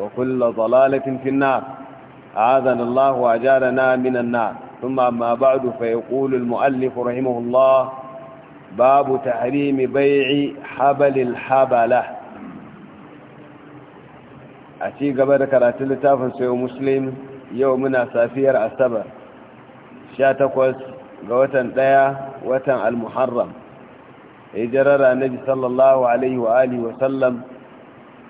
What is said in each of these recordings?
وكل ضلالة في النار أعاذنا الله وأجارنا من النار ثم أما بعد فيقول المؤلف رحمه الله باب تحريم بيع حبل الحبلة أتي قبل كرات اللتافة سيو مسلم يومنا سافير السبر شاتكوز قوتن ديا وتن المحرم إجرر النبي صلى الله عليه وآله وسلم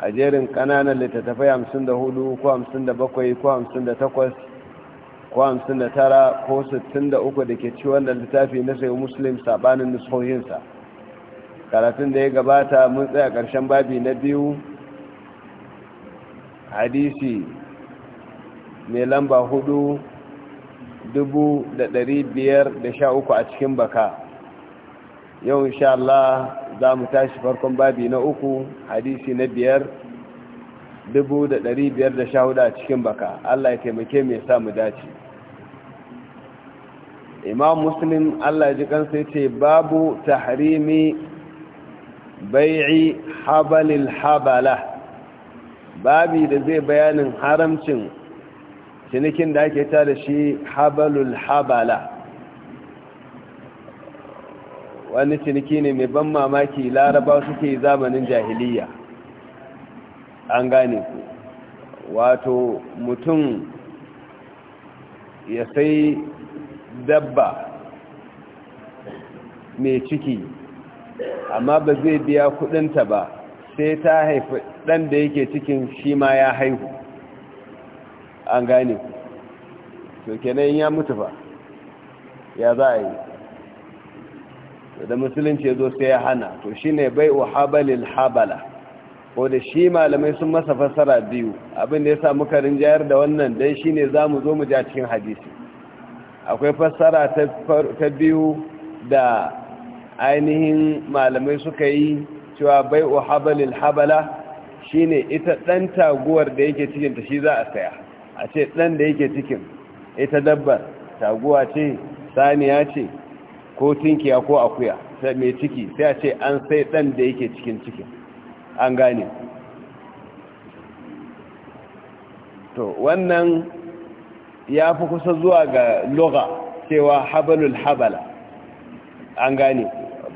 a jerin ƙananan littattafai hamsin da hudu ko hamsin da bakwai ko hamsin da takwas ko hamsin da tara ko sittin da uku da ke ciwon da littafi na sai musulun saɓanin nusohinsa karatun da ya gabata mun tsaya ƙarshen babi na biyu hadisi mai lamba hudu dubu da ɗari biyar da sha uku a cikin baka yau insha Allah za mu tashi farkon babi na uku hadisi na biyar dubu da ɗari biyar da sha hudu a cikin baka Allah ya taimake mai sa mu dace imam muslim Allah ya ji kansa ya ce babu tahrimi bai'i habalil habala babi da zai bayanin haramcin cinikin da ake ta da shi habalul habala wani ciniki ne mai ban mamaki laraba suke zamanin jahiliya an gane ku wato mutum ya sai dabba mai ciki amma ba zai biya kudinta ba sai ta haifi dan da yake cikin shi ma ya haihu an gane ku to kenan ya mutu ba ya za a yi da musulunci ya zo sai ya hana to shi ne bai habalil habala ko da shi malamai sun masa fassara biyu abin da ya sa muka rinjayar da wannan dai shi ne za mu zo mu ja cikin hadisi akwai fassara ta biyu da ainihin malamai suka yi cewa bai habalil habala shi ne ita ɗan taguwar da yake cikinta shi za a saya a ce ɗan da yake cikin ita dabbar taguwa ce saniya ce ko tinkiya ko akuya sai mai ciki sai a ce an sai ɗan da yake cikin cikin an gane to wannan ya fi kusa zuwa ga loga cewa habalul habala an gane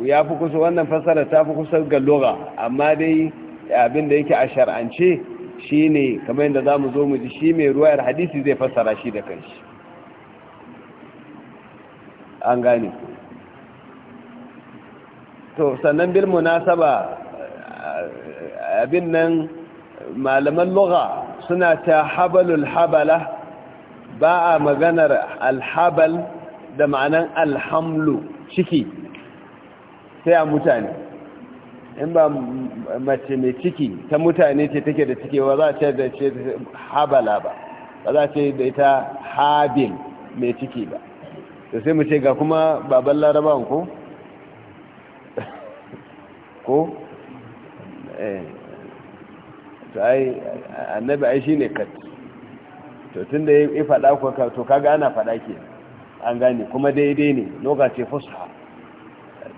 ya fi kusa wannan fasara ta fi kusa ga loga amma dai abin da yake a shar'ance shi ne kamar yadda za mu zo mu ji shi mai ruwayar hadisi zai fassara shi da kanshi an gane ku to sannan bil munasaba abin nan malaman lugha suna ta habalul habala ba a maganar alhabal da ma'anan alhamlu ciki sai a mutane in ba mace mai ciki ta mutane ce take da ciki ba za a ce da ce habala ba ba za a ce da ita habil mai ciki ba da sai mu ce ga kuma baban larabawan ko ko eh. annabi ai shi ne kat to tun da ya faɗa kuwa to kaga ana faɗa ke an gane kuma daidai ne lokaci fusha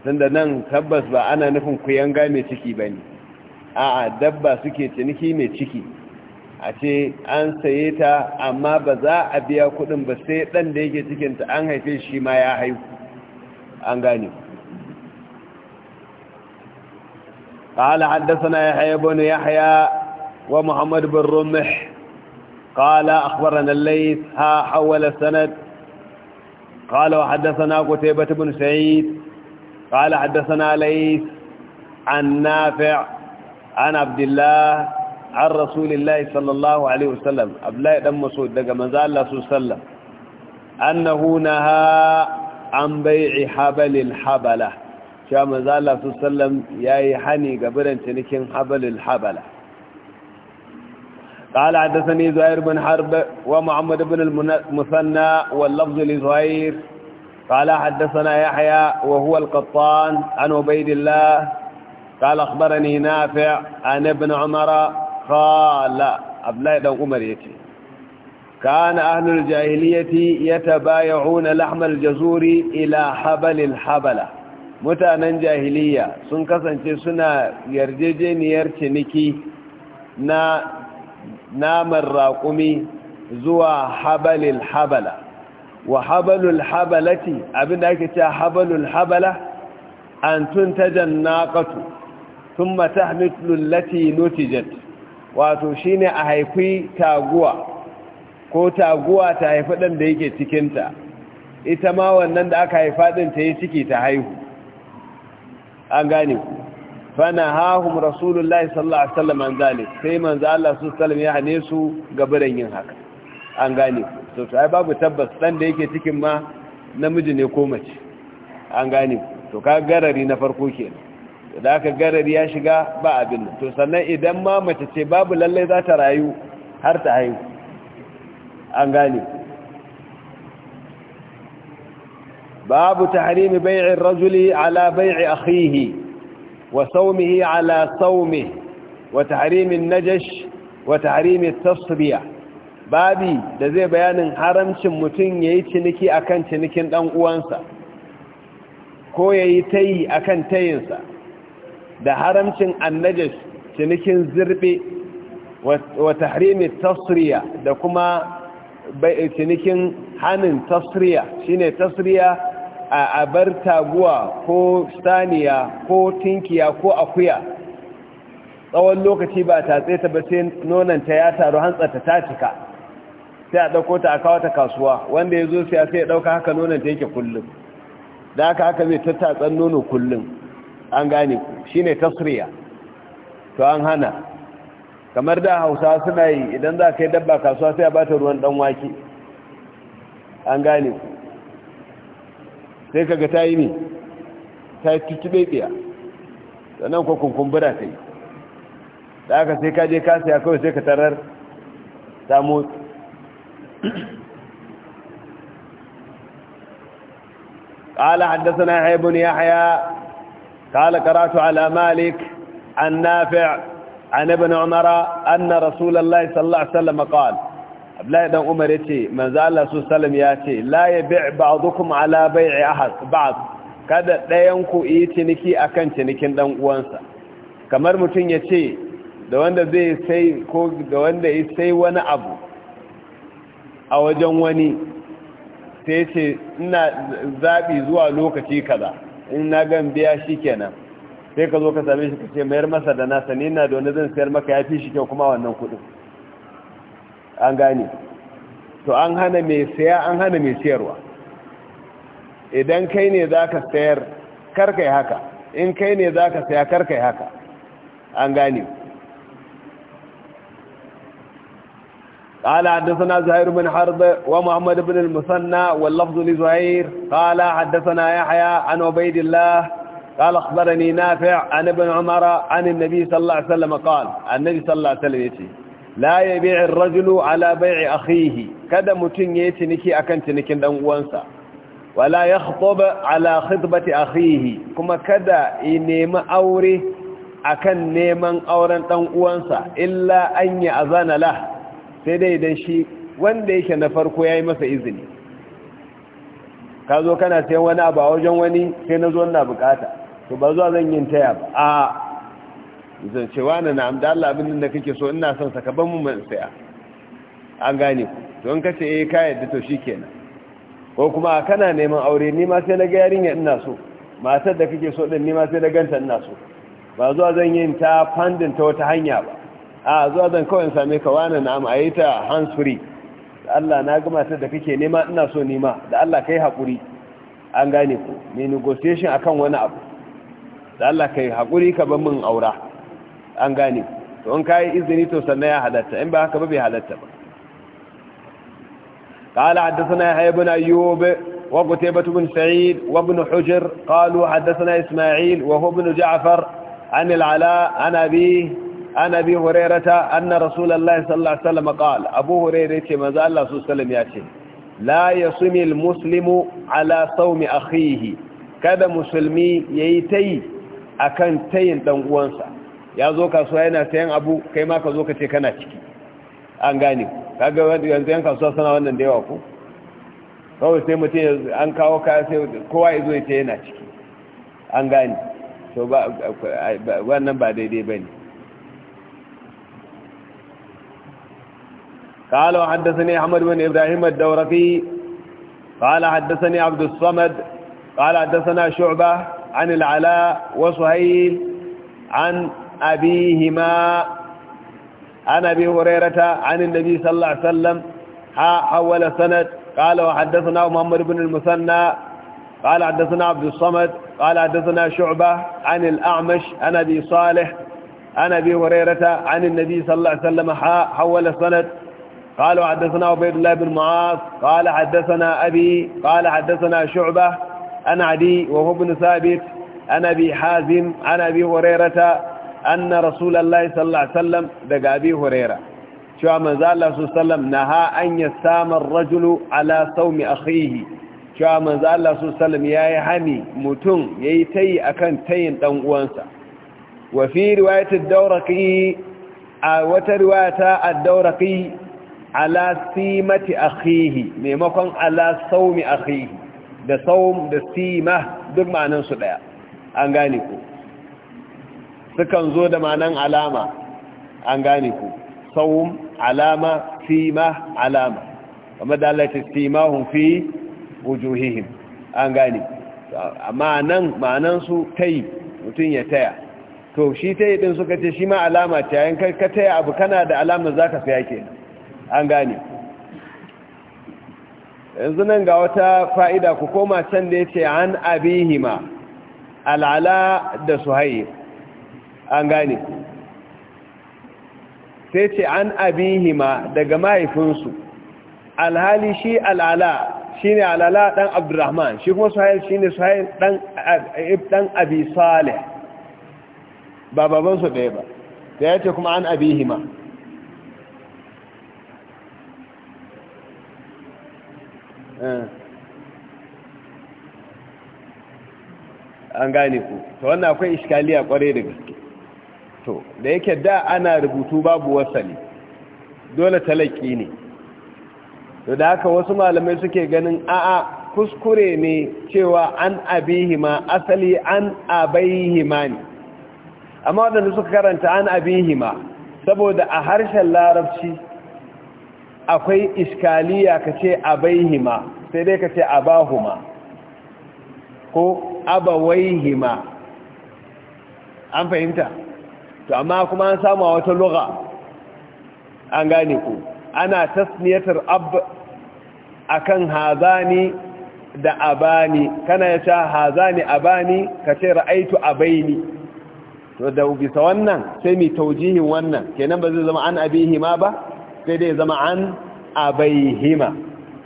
tun da nan tabbas ba ana nufin ku yanga mai ciki ba ne a dabba suke ciniki mai ciki a ce an saye ta amma ba za a biya kudin ba sai dan da yake cikinta an haife shi ma ya haihu an gane ku قال حدثنا يحيى بن يحيى ومحمد بن رمح قال أخبرنا الليث ها حول السند قال وحدثنا قتيبة بن سعيد قال حدثنا ليث عن نافع عن عبد الله عن رسول الله صلى الله عليه وسلم أبلاء دم مسود دقى مزال الله صلى الله عليه وسلم أنه نهى عن بيع حبل الحبله cewa manzala su sallam ya yi hani ga biran cinikin habalin habala قال حدثني زهير بن حرب ومحمد بن المثنى واللفظ لزهير قال حدثنا يحيى وهو القطان عن عبيد الله قال أخبرني نافع عن ابن عمر قال ابناء دون عمر يتي كان أهل الجاهلية يتبايعون لحم الجزور إلى حبل الحبلة mutanen jahiliya sun kasance suna yarjejeniyar ciniki na naman raƙumi zuwa habalil habala wa habalul habalati abinda ake cewa habalul habala an tun ta jannaqatu thumma tahmilu allati nutijat wato shine a haifi taguwa ko taguwa ta haifi dan da yake cikin ta ita ma wannan da aka haifa ɗin ta yi ciki ta haihu an gane ku fana hahum rasulullahi sallallahu alaihi wasallam an zane sai manzo Allah su sallam ya hane su gabaran yin haka an gane ku to ai babu tabbas dan da yake cikin ma namiji ne ko mace an gane ku to ka garari na farko kenan da aka garari ya shiga ba abin nan to sannan idan ma mace ce babu lalle za ta rayu har ta haihu an gane ku babu tahrimi bai'in rajuli ala bai'i akhihi wa saumihi ala saumihi wa tahrimin najash wa tahrimin tasbiya babi da zai bayanin haramcin mutum yayi ciniki akan cinikin dan uwansa ko yayi tayi akan tayinsa da haramcin annajash cinikin zirbe wa tahrimin tasriya da kuma cinikin hanin tasriya shine tasriya a bar taguwa ko saniya ko tinkiya ko akuya tsawon lokaci ba tatse ta ba sai nonanta ya taru hantsarta ta cika sai a ɗauko ta a kawo ta kasuwa wanda ya zo sai ya ɗauka haka nonanta yake kullum da haka haka zai tattatsan nono kullum an gane ku shi ne tasiriya to an hana kamar da hausa suna yi idan za ka yi dabba kasuwa sai a ba ta ruwan ɗan wake an gane ku sai kaga ta yi ne ta yi tutube biya sannan ko kunkumbura ta yi da aka sai kaje ka ya kawai sai ka tarar ta motsi قال حدثنا يحيى بن يحيى قال قرات على مالك عن نافع عن ابن عمر أن رسول الله صلى الله عليه وسلم قال abdullahi dan umar yace ce manzo Allah su ya ce la yabi' ba'dukum ala bai'i ahad ba'd kada ɗayan ku yi ciniki akan cinikin dan uwansa kamar mutum yace da wanda zai sai ko da wanda ya sai wani abu a wajen wani sai ce ina zaɓi zuwa lokaci kaza in na gan biya shi kenan sai ka zo ka same shi ka ce mayar masa da nasa ni na da wani zan sayar maka yafi fi shi kyau kuma wannan kuɗin an gane to an hana mai saya an hana mai siyarwa idan kai ne za ka sayar karkai haka in kai ne za ka saya karkai haka an gane قال حدثنا زهير بن حرب ومحمد بن المثنى واللفظ لزهير قال حدثنا يحيى عن عبيد الله قال اخبرني نافع عن ابن عمر عن النبي صلى الله عليه وسلم قال النبي صلى الله عليه وسلم يتي la ya ar-rajulu ala bai'i akhihi kada mutun yayi ciniki akan cinikin dan uwansa wala yakhthub ala khitbati akhihi kuma kada ya nemi aure akan neman auren dan uwansa illa an ya azana lah sai dai dan shi wanda yake na farko ya yi masa izini kazo kana sayan wani abu a wajen wani sai na zo na bukata to ba zuwa zan yin taya ba a zan cewa wani na amda Allah abin da kake so ina son sakaban mu mai saya an gane ku to in kace eh ka yadda to shikenan ko kuma kana neman aure ni ma sai na ga yarinya ina so matar da kake so din ni ma sai na ganta ina so ba zuwa zan yin ta fandin ta wata hanya ba a zuwa zan kawai same ka wani na am ayi ta hands free Allah na ga matar da kake nema ina so ni ma da Allah kai hakuri an gane ku ni negotiation akan wani abu da Allah kai hakuri ka ban min aura an gane to in kayi izini to sannan ya halatta in ba haka ba bai halatta ba قال حدثنا يحيى بن أيوب وقتيبة بن سعيد وابن حجر قالوا حدثنا إسماعيل وهو ابن جعفر عن العلاء عن أبيه عن أبي هريرة أن رسول الله صلى الله عليه وسلم قال أبو هريرة ما زال الله صلى الله عليه وسلم يأتي لا يصم المسلم على صوم أخيه كذا مسلمي ييتي أكن تين تنقوانسا ya zo kasuwa yana sayan abu kai ma ka zo ka ce kana ciki an gane kaga yanzu yan kasuwa suna wannan da yawa ko kawai sai mutum an kawo kaya sai kowa ya zo ya ce yana ciki an gane to wannan ba daidai ba ne قال وحدثني احمد بن ابراهيم الدورقي قال حدثني عبد الصمد قال حدثنا شعبه عن العلاء وصهيل عن أبيهما عن أبي هريرة عن النبي صلى الله عليه وسلم ها حول سند قال وحدثنا محمد بن المثنى قال حدثنا عبد الصمد قال حدثنا شعبة عن الأعمش عن أبي صالح عن أبي هريرة عن النبي صلى الله عليه وسلم حول سند قال وحدثنا عبيد الله بن معاذ قال حدثنا أبي قال حدثنا شعبة عن عدي وهو بن ثابت عن أبي حازم عن أبي هريرة anna rasulullahi sallallahu alaihi wasallam daga abi huraira cewa manzo Allah su sallam naha an yasama ar-rajulu ala sawmi akhihi cewa manzo Allah su sallam yayi hani mutum yayi tayi akan tayin dan uwansa wa fi riwayati ad-dawraqi a wata riwayata ad-dawraqi ala simati akhihi maimakon ala sawmi akhihi da sawm da sima duk ma'anansu su daya an gane ku sukan zo da manan alama an gane ku saum alama ma alama kamar da Allah ya ce simahum fi wujuhihim an gane amma nan manan su tayi mutun ya taya to shi tayi din suka ce shi ma alama ta yayin kai ka taya abu kana da alama za ka saya ke an gane yanzu nan ga wata fa'ida ku koma can da ya ce an abihima al'ala da suhaib an gane sai ce an abihima daga mahaifinsu alhali shi al'ala shi ne al'ala ɗan abdurrahman shi kuma suhail shi ne suhail ɗan abi salih ba babansu ɗaya ba da ya ce kuma an abihima eh. an gane ku ta wannan akwai iskaliya kwarai da gaske to da yake da ana rubutu babu wasali dole talaki ne to da haka wasu malamai suke ganin a'a kuskure ne cewa an abihima asali an abaihima ne amma wadanda suka karanta an abihima saboda a harshen larabci akwai iskaliya ka ce abaihima sai dai ka ce abahuma ko abawaihima an fahimta to amma kuma an samu wata lugha an gane ku ana tasniyatar ab akan hazani da abani kana ya hazani abani ka ce ra'aitu abaini to da bisa wannan sai mai taujihin wannan kenan ba zai zama an ma ba sai dai zama an abaihima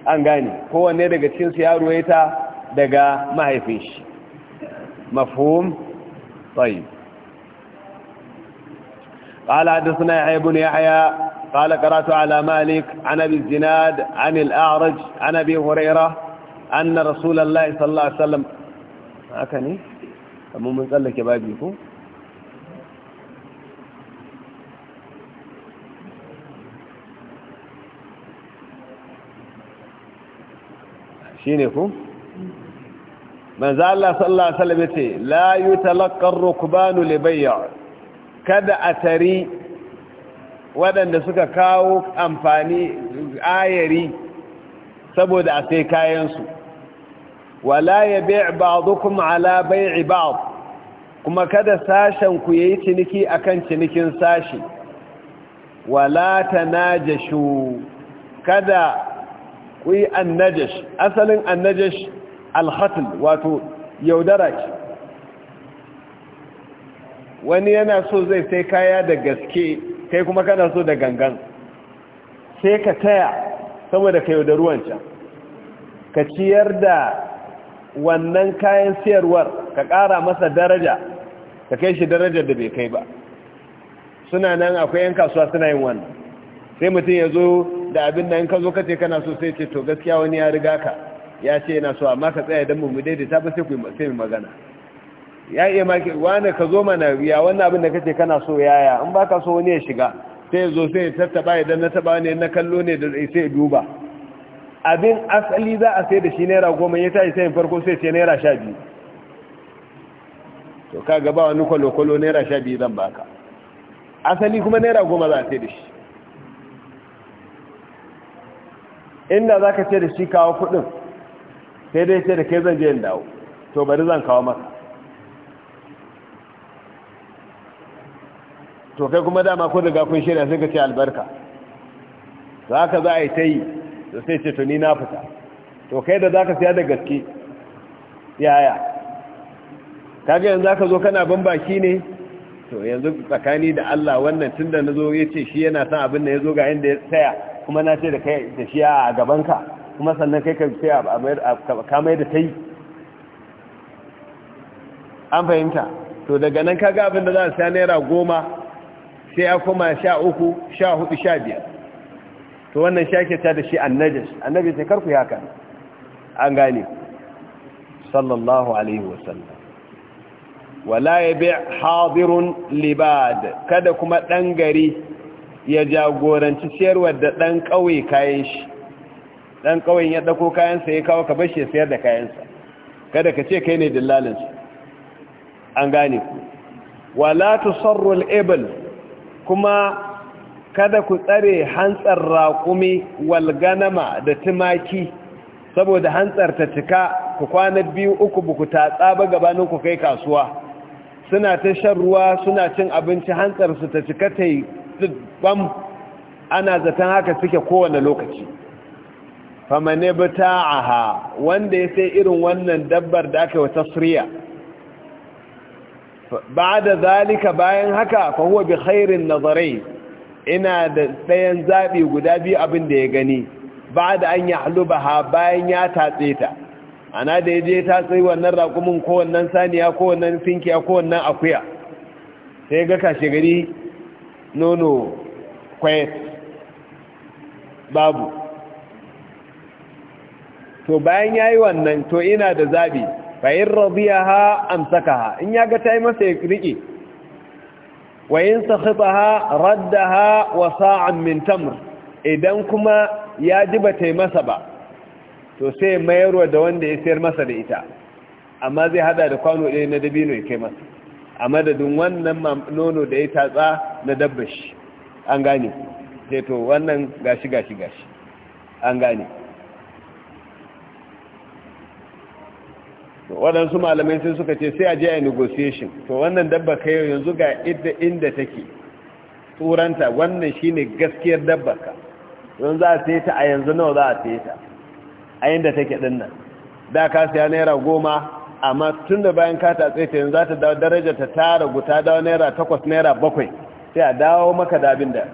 an gane kowanne daga cikin su ya ruwaita daga mahaifin shi mafhum tayyib قال حدثنا يحيى بن يحيى قال قرأت على مالك عن أبي الزناد عن الأعرج عن أبي هريرة أن رسول الله صلى الله عليه وسلم أكني مو من قال لك يا بابيكو shine ku manzo الله sallallahu alaihi wasallam yace la yutalaqqa ar-rukbanu kada a tari waɗanda suka kawo amfani ayari saboda a sai kayansu wala ya bai kuma ala bai ba'd kuma kada sashen ku yi ciniki akan cinikin sashi wala tanajashu kada ku yi asalin annajash alhatl wato yaudara ce wani yana so zai sai kaya da gaske kai kuma kana so da gangan sai ka taya saboda ka da ruwan can ka ciyar da wannan kayan siyarwar ka kara masa daraja ka kai shi darajar da bai kai ba suna nan akwai 'yan kasuwa suna yin wannan sai mutum ya zo da abin da in ka zo kace kana so sai ce to gaskiya wani ya riga ka ya ce yana so amma ka tsaye don mu daidaita ba sai ku yi magana ya iya maki wane ka zo mana ya wannan abin da kace kana so yaya in baka so wani ya shiga sai ya zo sai ya tattaba idan na taba ne na kallo ne da sai ya duba abin asali za a sai da shi naira goma ya tashi sai farko sai sai naira sha biyu to ka gaba wani kwalo-kwalo naira sha biyu zan baka asali kuma naira goma za a sai da shi inda za ka ce da shi kawo kudin sai dai ce da ke zan je in dawo to bari zan kawo maka to kai kuma dama ko riga kun shirya sai ka ce albarka to haka za a yi ta yi da sai ce to ni na fita to kai da za ka siya da gaske yaya kage yanzu za ka zo kana ban baki ne to yanzu tsakani da Allah wannan tun da na zo ya ce shi yana son abin da ya zo ga inda ya tsaya kuma na ce da kai da shi a gabanka kuma sannan kai ka tsaya ka mai da ta yi an fahimta to daga nan kaga abin da za a siya naira goma sai ya koma sha uku sha hudu sha biyar to wannan ta da shi annajas annabi sai karku haka an gane sallallahu alaihi wasallam wala ya hadirun libad kada kuma ɗan gari ya jagoranci sayarwa da ɗan ƙauye kayan shi ɗan ƙauyen ya kayan kayansa ya kawo ka bashi ya sayar da kayansa kada ka ce kai ne dillalinsa an gane ku wala al-ibl kuma kada ku tsare hantsar raƙumi walganama da tumaki saboda hantsar ta cika ku kwana biyu uku buku tatsa ba gabanin ku kai kasuwa suna ta shan ruwa suna cin abinci hantsar su ta cika ta yi bam ana zaton haka suke kowane lokaci famane bata aha wanda ya sai irin wannan dabbar da aka yi tasriya ba da zalika bayan haka fahuwa bi khairin nazarai ina da tsayen zaɓi guda biyu abin da ya gani ba da an yi bayan ya tatse ta ana da ya ta tsayi wannan raƙumin ko wannan saniya ko wannan sinkiya ko wannan akuya sai ga kashe gari nono quiet babu to bayan ya yi wannan to ina da zaɓi fa in radiyaha amsakaha in ya ga ta yi masa ya rike wa in sakhataha raddaha wa sa'an min tamr idan kuma ya ji ba ta masa ba to sai mayarwa da wanda ya sayar masa da ita amma zai hada da kwano ɗaya na dabino ya kai masa a madadin wannan nono da ya tatsa na dabbashi an gane sai to wannan gashi gashi gashi an gane waɗansu malamai sun suka ce sai a je a negotiation to wannan dabba ka yau yanzu ga inda inda take turanta wannan shine gaskiyar dabba ka don za a sai ta a yanzu nawa za a sai ta a inda take din nan da ka siya naira goma amma tun da bayan ka ta yanzu za ta dawo daraja ta tara guta dawo naira takwas naira bakwai sai a dawo maka da abin da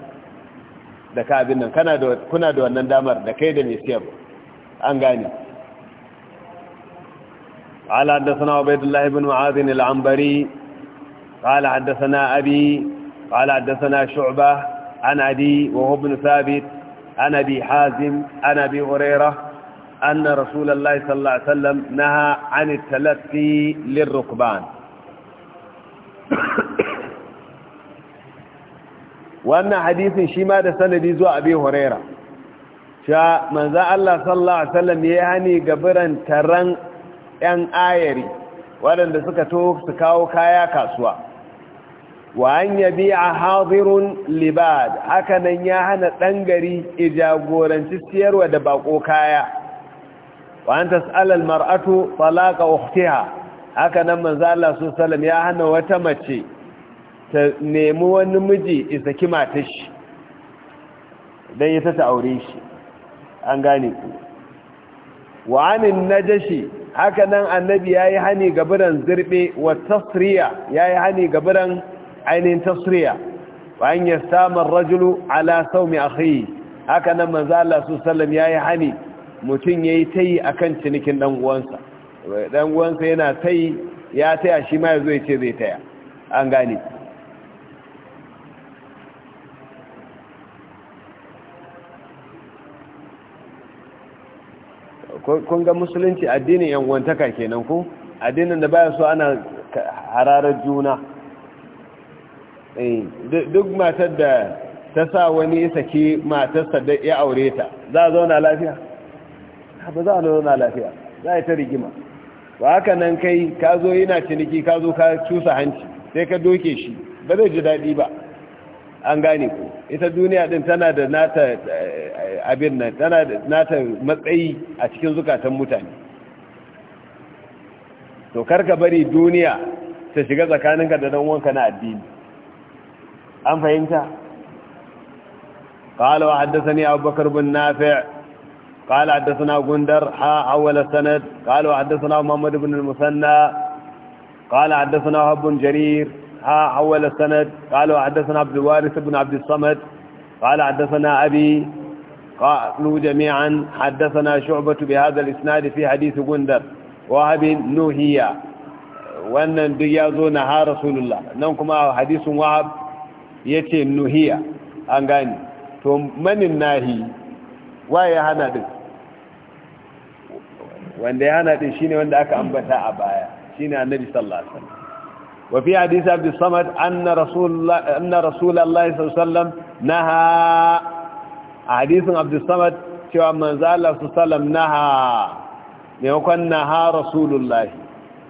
da ka abin nan kana da kuna da wannan damar da kai da mai siyar, an gane قال حدثنا عبيد الله بن معاذ العنبري قال حدثنا أبي قال حدثنا شعبة عن أبي وهو ابن ثابت عن أبي حازم عن أبي هريرة أن رسول الله صلى الله عليه وسلم نهى عن التلقي للركبان wannan hadisin shi ma da sanadi zuwa abi huraira sha manzo Allah sallallahu alaihi wasallam yayi hani gabaran taran 'yan ayari waɗanda suka to su kawo kaya kasuwa wa an yabi a haɗirun libad hakanan ya hana ɗan gari ijagoranci siyarwa da baƙo kaya wa an tas'alal mar'atu talaka ukhtiha hakanan manzo Allah su sallam ya hana wata mace ta nemi wani miji isa kima shi dan ya ta aure shi an gane ku wa anin najashi haka nan annabi yayi hani ga biran zirbe wa tasriya yayi hani ga biran ainihin tasriya wa an yi samun rajulu ala sau mai akhi haka nan manzo Allah su sallam ya yi hani mutum ya yi tayi a cinikin ɗan'uwansa uwansa yana tayi ya taya shi ma yazo yace zai taya an gane kun ga musulunci addinin yanwantaka kenan ku? addinin da baya so ana hararar juna eh, duk matar da ta sa wani ya saki matarsa da ya aure ta za a zauna lafiya ba za a zauna lafiya za a yi ta rigima ba haka nan kai ka zo yana ciniki ka zo ka cusa hanci sai ka doke shi ba zai ji daɗi ba an gane ku ita duniya din tana da nata eh, abin nan tana da nata matsayi a cikin zukatan mutane to karka bari duniya ta shiga tsakaninka da dan uwanka na addini an fahimta قال وحدثني أبو بكر بن نافع قال حدثنا غندر sanad. أول السند قال وحدثنا محمد بن المثنى قال حدثنا هب جرير ها حول السند قال وحدثنا عبد الوارث بن عبد الصمد قال حدثنا أبي قالوا جميعا حدثنا شعبة بهذا الإسناد في حديث غندر وهب نوهية وأن ديازون ها رسول الله ننكم حديث وهب يتي نوهية أنغاني ثم من الناهي waye hana din wanda ya hana din shine wanda aka ambata a baya shine annabi sallallahu alaihi wasallam وفي حديث عبد الصمد أن رسول الله, أن رسول الله صلى الله عليه وسلم نهى حديث عبد الصمد شوى من ذا الله صلى الله عليه وسلم نهى يكون نهى رسول الله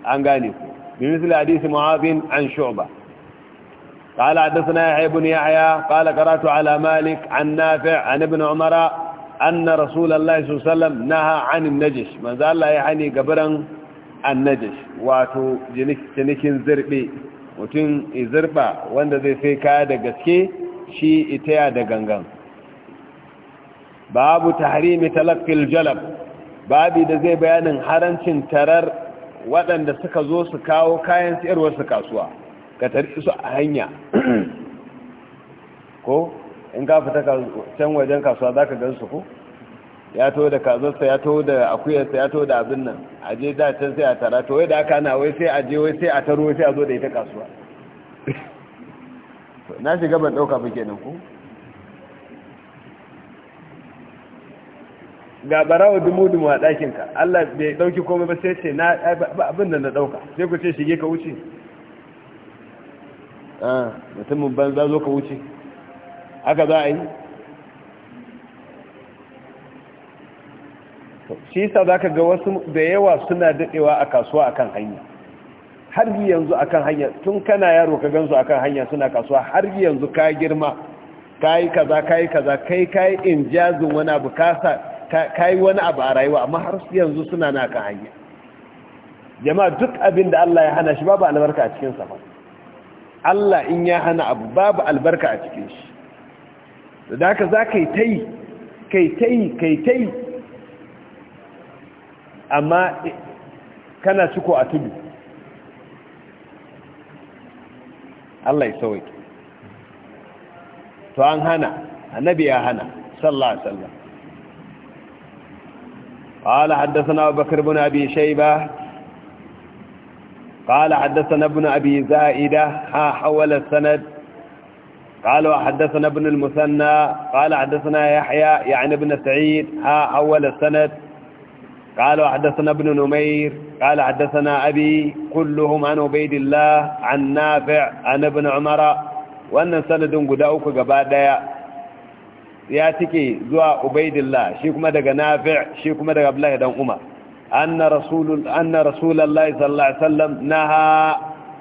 عن ذلك بمثل حديث معاذ عن شعبة قال حدثنا يحيى بن يحيى قال قرأت على مالك عن نافع عن ابن عمر أن رسول الله صلى الله عليه وسلم نهى عن النجش من ذا الله يعني قبرا annajash wato cinikin zirbe mutum izirba wanda zai sai kaya da gaske shi itaya da gangan babu tahrimi talaffil jalab babi da zai bayanin harancin tarar waɗanda suka zo su kawo kayan siyarwar su kasuwa ka tari su a hanya ko in ka fita can wajen kasuwa za ka gan su ko ya to da kazarsa ya to da akuyarsa ya to da abin nan a je da can sai a tara to wai da aka na wai sai a je wai sai a taro sai a zo da ita kasuwa na shiga ban ɗauka ba kenan ku ga barawa dumu-dumu a ɗakinka Allah bai ɗauki komai ba sai ce na abin da na ɗauka sai ku ce shige ka wuce ah, mutumin banza zo ka wuce haka za a yi shi yasa zaka ga wasu da yawa suna daɗewa a kasuwa akan hanya har yanzu akan hanya tun kana yaro ka gansu akan hanya suna kasuwa har yanzu ka girma kai kaza kai kaza kai kai injazin wani abu kasa kai wani abu a rayuwa amma har yanzu suna na kan hanya jama'a duk abin da Allah ya hana shi babu albarka a cikin sa Allah in ya hana abu babu albarka a cikin shi da haka za ka yi ta yi kai ta yi kai ta yi amma kana ciko a tudu Allah ya sauke to an hana annabi ya hana sallallahu alaihi wasallam قال حدثنا أبو بكر بن أبي شيبة قال حدثنا ابن أبي زائدة ها حول السند قال وحدثنا ابن المثنى قال حدثنا يحيى يعني ابن سعيد ها حول السند قال حدثنا ابن نمير قال حدثنا أبي كلهم عن عبيد الله عن نافع عن ابن عمر وأن سند قدعوك قبادا ياتيكي زوى عبيد الله شيكما دقى نافع شيكما دقى أبلاه دون عمر أن رسول, أن رسول الله صلى الله عليه وسلم نهى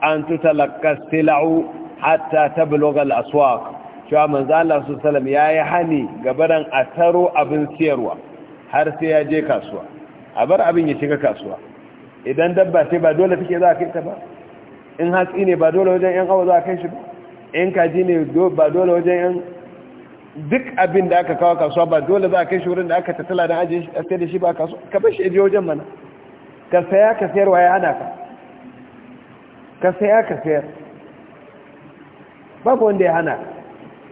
أن تتلقى السلع حتى تبلغ الأسواق cewa من Allah الله صلى الله عليه وسلم يا يحني قبرا أثروا أبن سيروا هرسي je kasuwa a bar abin ya shiga kasuwa idan dabba sai ba dole take za a kai ta ba in hatsi ne ba dole wajen yan awa za a kai shi ba in kaji ne ba dole wajen yan duk abin da aka kawo kasuwa ba dole za a kai shi wurin da aka tattala don ajiye sai da shi ba kasuwa ka bar shi aje wajen mana ka saya ka sayar ya hana ka ka saya ka sayar babu wanda ya hana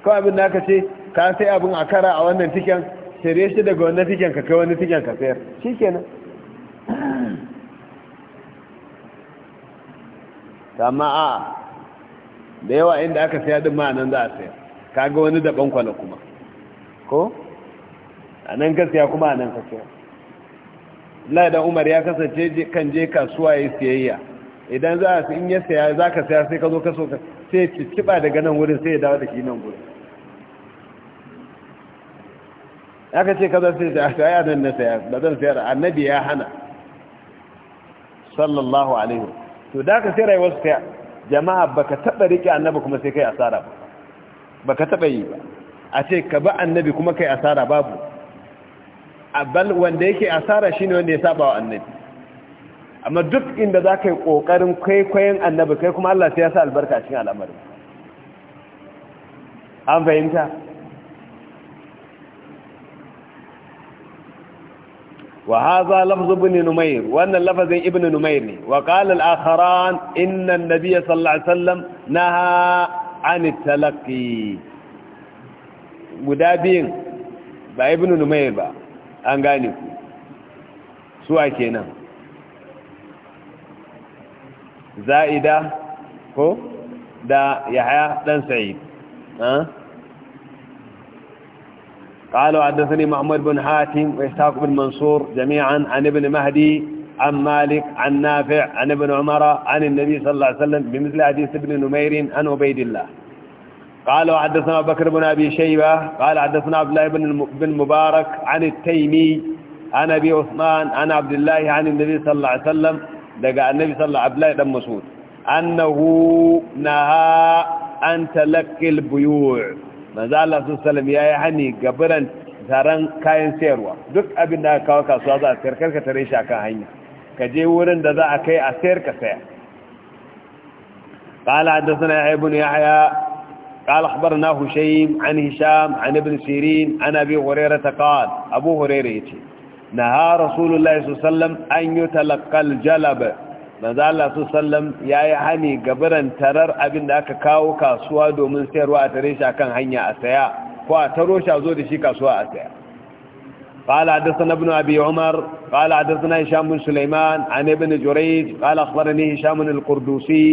kawai abin da aka ce ka sai abin a kara a wannan cikin shirye shi daga wani tiken ka kai wani tiken ka sayar shi kenan sama a da yawa inda aka saya din ma nan za a sayar kaga wani daban kwana kuma ko a nan ka kuma a nan ka sayar ladan umar ya kasance kan je kasuwa ya siyayya idan za a in ya saya za ka saya sai ka zo ka so ka sai ciciba daga nan wurin sai ya dawo da shi nan wurin aka ce kaza sai da aka yi na saya ba zan sayar annabi ya hana sallallahu alaihi to da ka sai rayuwar saya jama'a baka taba rike annabi kuma sai kai asara ba baka taba yi ba a ce ka ba annabi kuma kai asara babu abal wanda yake asara shine wanda ya saba wa annabi amma duk inda za ka yi ƙoƙarin kwaikwayon annabi kai kuma Allah sai ya sa albarka cikin al'amarin an fahimta wa hadha lafzu ibn numair wannan lafazin ibn numair ne wa qala al-akharan inna an-nabiy sallallahu alaihi wasallam naha an talaqi guda biyin ba ibn numair ba an gane ku su a kenan za'ida ko da yahya dan sa'id ah قالوا حدثني محمد بن حاتم وإسحاق بن منصور جميعا عن ابن مهدي عن مالك عن نافع عن ابن عمر عن النبي صلى الله عليه وسلم بمثل حديث ابن نمير عن عبيد الله قال ابو بكر بن أبي شيبة قال حدثنا عبد الله بن مبارك عن التيمي عن أبي عثمان عن عبد الله عن النبي صلى الله عليه وسلم دقى النبي صلى الله عليه وسلم بن مسعود أنه نهى عن تلقي البيوع manzo Allah sun salam ya yi hani biran taron kayan sayarwa duk abin da aka kawo kasuwa za a sayar karka tare shi akan hanya ka je wurin da za a kai a sayar ka saya قال حدثنا يحيى بن يحيى قال أخبرنا هشيم عن هشام عن ابن سيرين عن أبي هريرة قال أبو هريرة نهى رسول الله صلى الله عليه وسلم أن يتلقى الجلب manzala su sallam ya yi hani gabaran tarar abin da aka kawo kasuwa domin sayarwa a tare shi akan hanya a saya ko a taro shi a zo da shi kasuwa a saya qala hadathana ibn abi umar qala hadathana hisham bin sulaiman an ibn jurayj qala akhbarani hisham bin al-qurdusi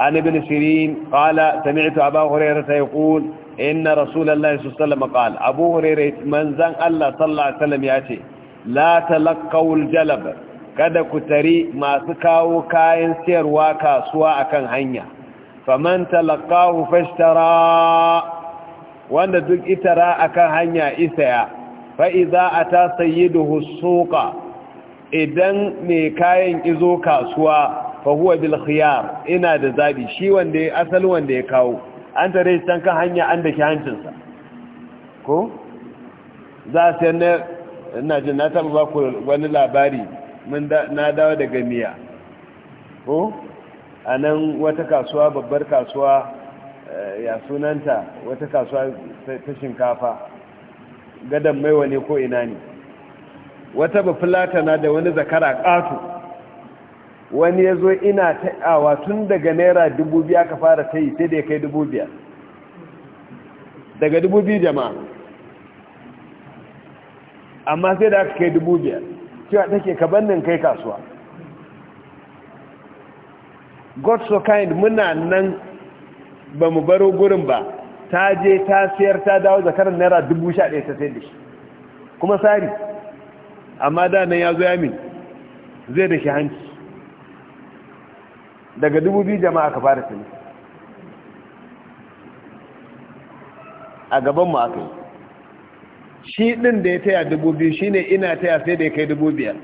an ibn sirin qala sami'tu abu hurairah yaqul inna rasulallahi sallallahu qala abu hurairah man zan allah sallallahu alaihi wasallam ce la talaqqaul jalab kada ku tari masu kawo kayan siyarwa kasuwa akan hanya faman talaqahu fashtara wanda duk itara akan hanya isaya fa idza ata sayyiduhu suqa idan mai kayan izo kasuwa fa huwa bil khiyar ina da zabi shi wanda asali wanda ya kawo an tare shi kan hanya an da shi hancinsa ko za sai na na taba ba ku wani labari na dawo daga miya ko a nan wata kasuwa babbar kasuwa eh, ya sunanta wata kasuwa ta shinkafa gadon maiwa ne ko ina ne wata na da wani zakara ƙato wani ya zo ina ta'awa tun daga naira dubu biya ka fara ta yi sai da ya kai dubu biyar daga dubu biyu jama'a amma sai da aka kai dubu biyar cewa take ka bannin kai kasuwa god so kind muna nan ba mu baro gurin ba ta je ta siyar ta dawo zakarar naira dubu sha ɗaya ta sai da shi kuma sari amma da nan ya zo ya min zai da shi hanci daga dubu biyu jama'a ka fara tuni a gabanmu aka yi shi ɗin da ya taya dubu biyu shi ne ina taya sai da ya kai dubu biyar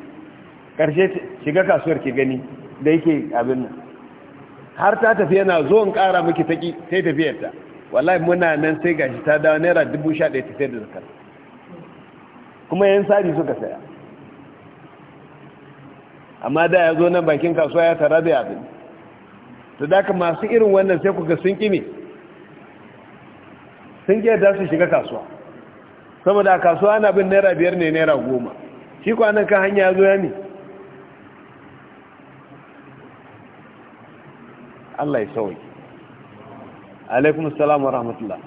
ƙarshe shiga kasuwar ki gani da yake abin nan har ta tafi yana zuwan ƙara miki taƙi sai tafiyarta wallahi muna nan sai gashi ta dawo naira dubu sha ɗaya ta sai da zakar kuma yan sari suka saya amma da ya zo nan bakin kasuwa ya tara da abin to da masu irin wannan sai kuka sun ƙi ne sun ƙi yadda su shiga kasuwa saboda a kasuwa ana bin naira biyar ne naira goma shi kwanan kan hanya ya zo ya ne Allah ya sauki alaikum salam wa rahmatullah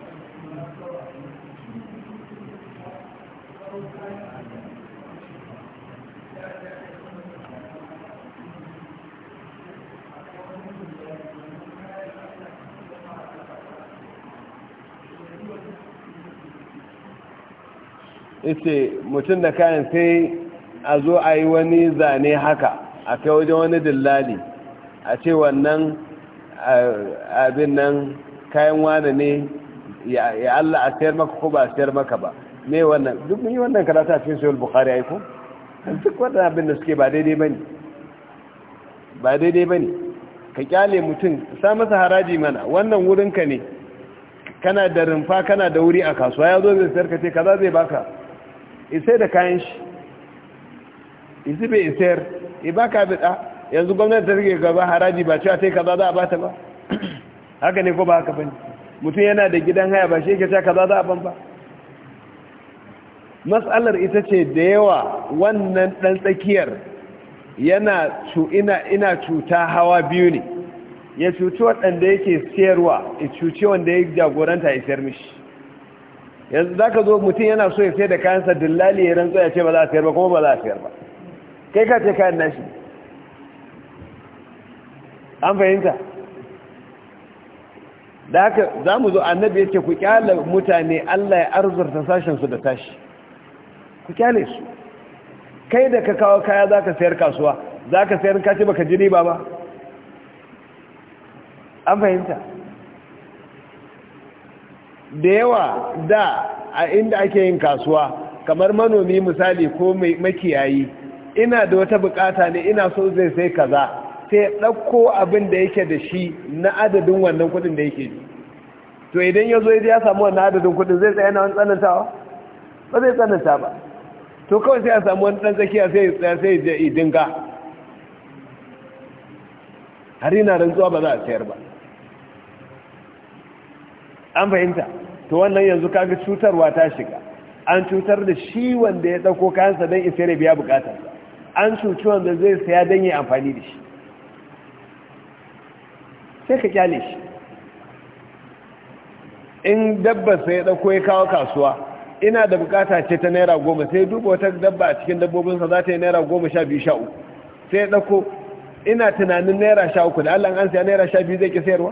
yace mutum da kayan sai a zo a yi wani zane haka a kai wajen wani dillali a ce wannan abin nan kayan wane ne ya Allah a sayar maka ko ba a sayar maka ba me wannan duk mun yi wannan karatu a cikin sayar bukari aiko ko duk wannan abin da suke ba daidai ba ne, ba daidai ba ne, ka kyale mutum sa masa haraji mana wannan wurinka ne kana da rumfa kana da wuri a kasuwa ya zo zai sayar ka ce kaza zai baka isai da kayan shi isi bai isayar ba ka bida yanzu gwamnati ta rike gaba haraji ba cewa sai kaza za a bata ba haka ne ko ba haka bane mutum yana da gidan haya ba shi yake cewa kaza za a ban ba matsalar ita ce da yawa wannan dan tsakiyar yana ina ina cuta hawa biyu ne ya cuci waɗanda yake siyarwa ya cuci wanda ya jagoranta ya siyar mishi yanzu za ka zo mutum yana so ya sai da kayansa dillali ya rantsa ya ce ba za a sayar ba kuma ba za a sayar ba kai ka ce kayan nashi an fahimta da haka za mu zo annabi ya ce ku kyale mutane allah ya arzurta sashensu da tashi ku kyale su kai da ka kawo kaya za ka sayar kasuwa za ka sayar kaci baka ji riba ba an fahimta da yawa da a inda ake yin kasuwa kamar manomi misali ko makiyayi ina da wata bukata ne ina so zai sai kaza sai ɗauko abin da yake da shi na adadin wannan kudin da yake to idan ya zo ya samu wannan adadin kudin zai tsaye na wani tsanantawa ba zai tsananta ba to kawai sai ya samu wani ɗan tsakiya sai ya tsaya sai ya dinga har na rantsuwa ba za a sayar ba an fahimta to wannan yanzu kaga cutarwa ta shiga an cutar da shi wanda ya dauko kayansa dan isere ya biya bukatar an cuci wanda zai saya dan yi amfani da shi sai ka kyale shi in dabba sai ya dauko ya kawo kasuwa ina da bukata ce ta naira goma sai duba wata dabba a cikin dabbobin sa za ta yi naira goma sha biyu sha uku sai ya dauko ina tunanin naira sha uku da allah an siya naira sha biyu zai ki sayarwa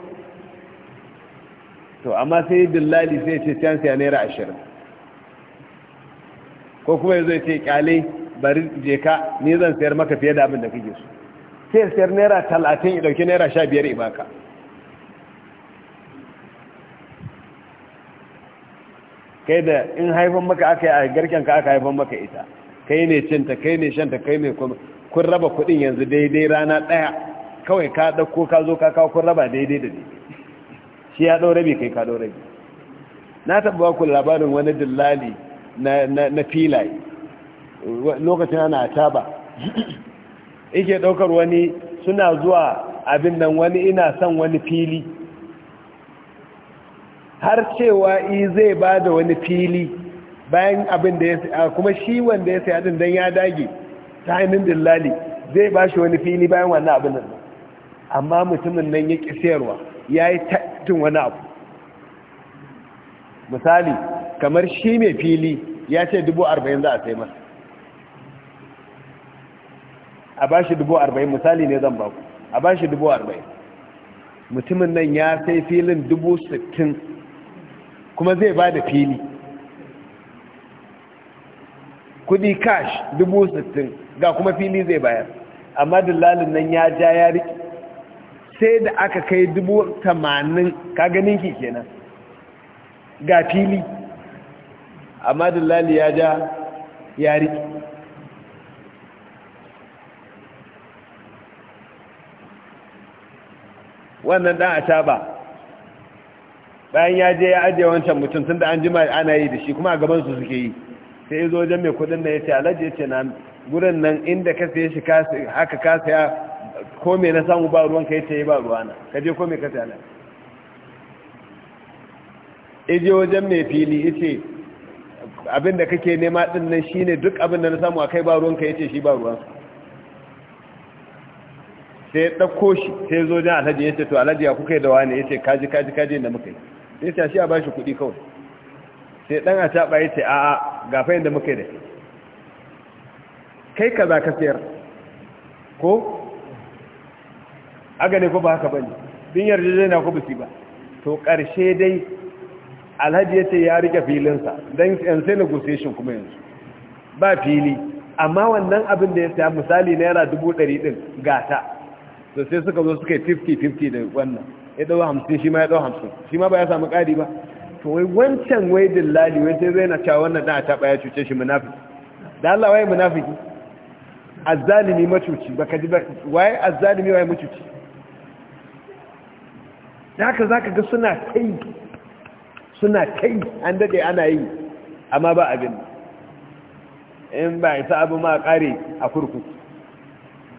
to amma sai dillali sai ce can siya naira ashirin ko kuma yanzu zai ce kyale bari je ka ni zan sayar maka fiye da abin da kake so sai sayar naira talatin ya dauki naira sha biyar ibaka kai da in haifan maka aka yi a garken ka aka haifan maka ita kai ne cinta kai ne shanta kai ne kuma kun raba kudin yanzu daidai rana daya kawai ka dauko ka zo ka kawo kun raba daidai da daidai shi ya ɗau rabi kai ka ɗau rabi na taɓa ba ku labarin wani dillali na filaye lokacin ana taba Ike ɗaukar wani suna zuwa abin nan wani ina son wani fili har cewa yi zai ba da wani fili bayan abin da ya kuma shi wanda ya saya don ya dage ta hannun dillali zai ba shi wani fili bayan wannan abin nan amma mutumin nan ya ƙi sayarwa ya yi mutum wani abu misali kamar shi mai fili ya ce dubu arba'in za a sai masa a ba shi dubu arba'in misali ne zan baku a ba shi dubu arba'in mutumin nan ya sai filin dubu sittin kuma zai ba da fili kudi cash dubu sittin ga kuma fili zai bayar amma dillalin nan ya ja ya riki. sai da aka kai dubu tamanin kaganin ki kenan ga fili amma dallali ya ja ya riki wannan dan a taba bayan ya je ya ajiye wancan mutum tun da an jima ana yi da shi kuma a gabansu suke yi sai ya mai kudin da ya ce alaji ya ce na gurin nan inda ka sai shi haka ka saya ko me na samu ba ruwan ka yi ta yi ba ruwana ka je ko me ka tana ije wajen mai fili abin abinda kake nema din nan shine duk abinda na samu akai ba ruwan ka yace shi ba ruwan sai ya dauko shi sai zo jan alhaji yace to alhaji ya kuka da wani yace kaji kaji kaji inda muka yi sai ta shi a bashi kuɗi kawai sai dan a taba yace a a ga fa yanda muka yi da kai kaza ka sayar ko aga ne ko ba haka bane din na ko bisi ba to karshe dai alhaji ya ce ya rike filinsa don yan sai negotiation kuma yanzu ba fili amma wannan abin da ya saya misali naira dubu ɗari ɗin gata to sai suka zo suka yi 50-50 da wannan ya ɗau hamsin shi ma ya ɗau hamsin shi ma ba ya samu ƙari ba to wai wancan wai dillali wai sai zai na cewa wannan ɗan a taɓa ya cuce shi munafiki da Allah wai munafiki azzalimi macuci baka ji ba wai azzalimi wai macuci da haka za ka ga suna kai suna kai an daɗe ana yi amma ba abin in ba isa abu ma a ƙare a kurku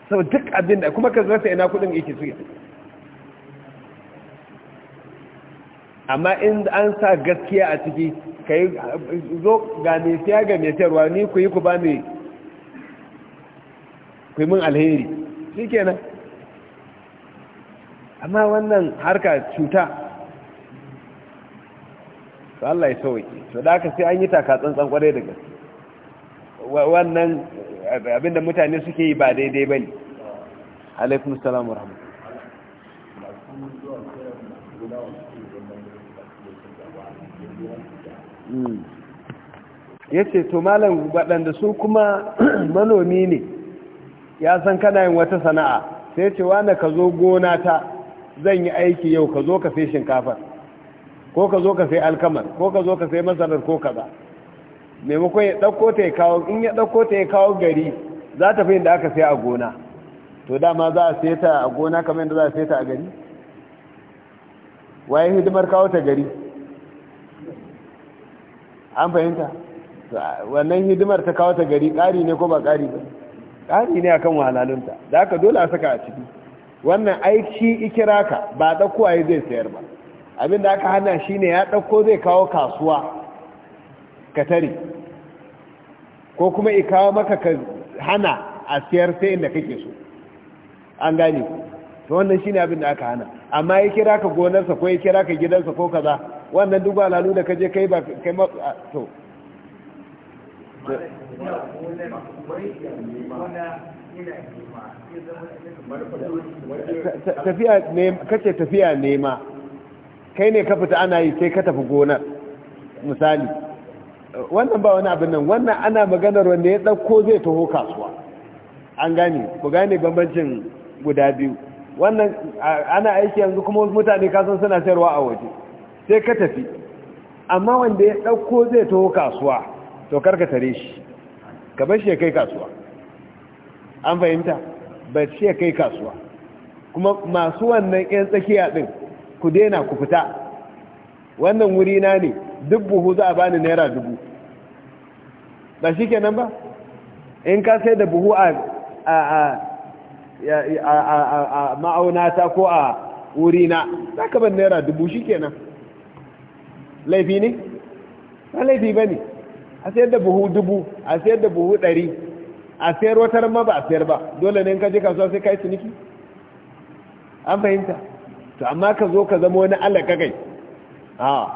sau duk abin da kuma ka rasa ina kudin yake suke amma in an sa gaskiya a ciki ka yi zo ga mai ga mai ni ku yi ku ba mai ku min alheri shi kenan amma wannan harka cuta to Allah ya sauke to da aka sai an yi taka tsantsan kwarai da gaske wannan abinda mutane suke yi ba daidai ba ne alaikun salamu rahama hmm. ya ce to malam waɗanda su kuma manomi ne ya san kana yin wata sana'a sai ce wane ka zo gona ta zan yi aiki yau ka zo ka sai shinkafar ko ka zo ka sai alkamar ko ka zo ka sai masarar ko kaza maimakon ya ɗauko ta ya kawo in ya ɗauko ta ya kawo gari za ta fi da aka sai a gona to dama za a sai ta a gona kamar yadda za a sai ta a gari waye hidimar kawo ta gari an fahimta wannan hidimar ta kawo ta gari ƙari ne ko ba ƙari ba ƙari ne akan wahalalunta da aka dole a saka a ciki wannan aiki ka ba ɗauko a yi zai sayar ba abin da aka hana shi ne ya ɗauko zai kawo kasuwa ka tare ko kuma i kawo maka ka hana a sayar sai inda kake so an gane to wannan shi ne abin da aka hana amma ya kira ka gonarsa ko ya kira ka gidansa ko kaza wannan duk alalu da ka je kai ba kai ma to tafiya ne kace tafiya nema kai ne ka fita ana yi sai ka tafi gonar misali wannan ba wani abin nan wannan ana maganar wanda ya dauko zai taho kasuwa an gane ku gane bambancin guda biyu wannan ana aiki yanzu kuma wasu mutane kasan suna sayarwa a waje sai ka tafi amma wanda ya dauko zai taho kasuwa to karka tare shi ka bar shi ya kai kasuwa an fahimta ba ce kai kasuwa kuma masu wannan 'yan tsakiya din ku daina ku fita wannan wuri na ne duk buhu za a bani naira dubu ba shi kenan ba in ka sai da buhu a ma'aunata ko a wurina za ka ban naira dubu shi kenan laifi ne? ba laifi ba ne a sayar da buhu dubu a sayar da buhu dari. a sayar wata ma ba a sayar ba dole ne ka je kasuwa sai ka yi ciniki an fahimta to amma ka zo ka zama wani ka kai a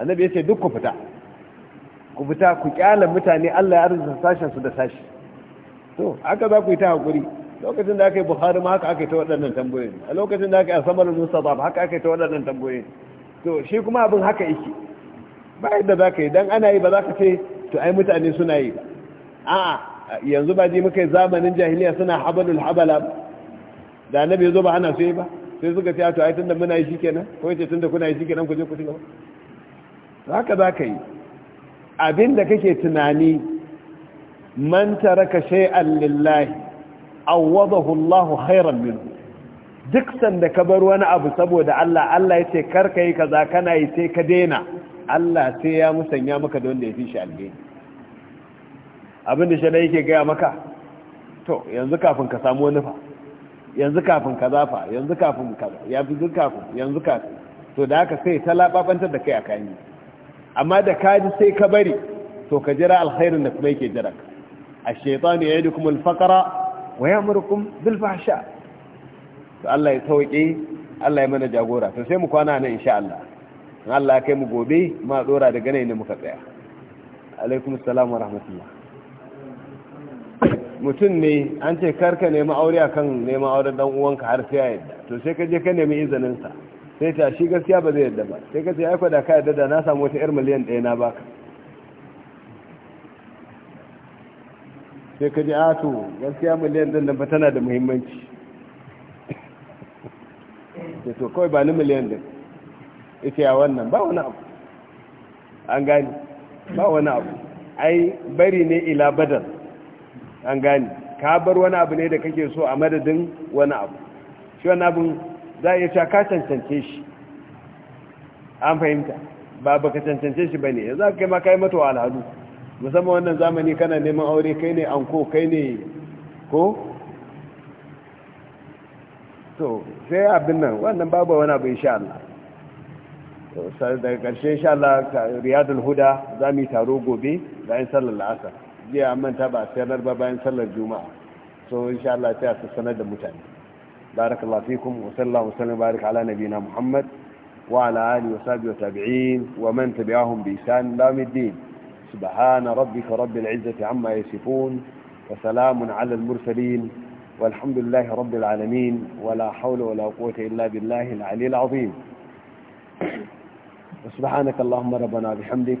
annabi yace ce duk ku fita ku fita ku kyala mutane Allah ya arzuta sashen su da sashi to haka za ku yi ta hakuri lokacin da aka yi buhari ma haka aka yi ta waɗannan tambayoyi a lokacin da aka yi asamar musa ba haka aka yi ta waɗannan tambayoyi to shi kuma abin haka yake ba yadda za ka yi don ana yi ba za ka ce to ai mutane suna yi ba a'a yanzu ba ji muka zamanin jahiliya suna habalul habala da annabi yazo ba ana so ba sai suka ce to ai tunda muna yi shikenan ko yace tunda kuna yi shikenan ku je ku cigaba haka za ka yi abinda kake tunani man taraka shay'an lillahi awwadahu Allah khairan minhu duk sanda ka bar wani abu saboda Allah Allah yace karka yi kaza kana yi sai ka daina Allah sai ya musanya maka da wanda ya fi shi alheri abin da shanayi yake gaya maka to yanzu kafin ka samu wani fa yanzu kafin ka zafa yanzu kafin ka ya fi kafin yanzu kafin to da aka sai ta laɓaɓantar da kai a kayan amma da ka ji sai ka bari to ka jira alkhairun da kuma yake jira ka a shaitani ya yi kuma alfakara wa ya murkum bil fahsha to Allah ya sauke Allah ya mana jagora to sai mu kwana nan insha Allah in Allah ya kai mu gobe ma dora daga nan ne muka tsaya alaikum assalam wa rahmatullah mutum ne an ce karka nemi aure akan nema auren dan uwanka har sai ya yadda to sai ka je ka nemi izinin sa sai ta shi gaskiya ba zai yadda ba sai ka ce ai da ka yadda da na samu wata 'yar miliyan ɗaya na baka sai ka ji ato gaskiya miliyan ɗin da fa tana da muhimmanci sai to kawai ba ni miliyan ɗin ita ya wannan ba wani abu an gani ba wani abu ai bari ne ila badar an gani ka bar wani abu ne da kake so a madadin wani abu shi wani abu za a iya cewa ka cancance shi an fahimta ba baka cancance shi ba ne yanzu aka kai ma kai mata al'adu musamman wannan zamani kana neman aure kai ne anko kai ne ko to sai abin nan wannan babu wani abu insha Allah daga ƙarshe insha Allah riyadul huda za mu yi taro gobe bayan sallar la'asar jiya manta ba sanar ba bayan sallar juma'a so insha Allah sai a sanar da mutane barakallahu fikum wa sallallahu wa baraka ala nabiyina muhammad wa ala alihi wa sahbihi wa tabi'in wa man tabi'ahum bi ihsan ila yawmiddin subhana rabbika rabbil izzati amma yasifun wa salamun ala al mursalin والحمد لله رب العالمين ولا حول ولا قوة إلا بالله العلي العظيم وسبحانك اللهم ربنا بحمدك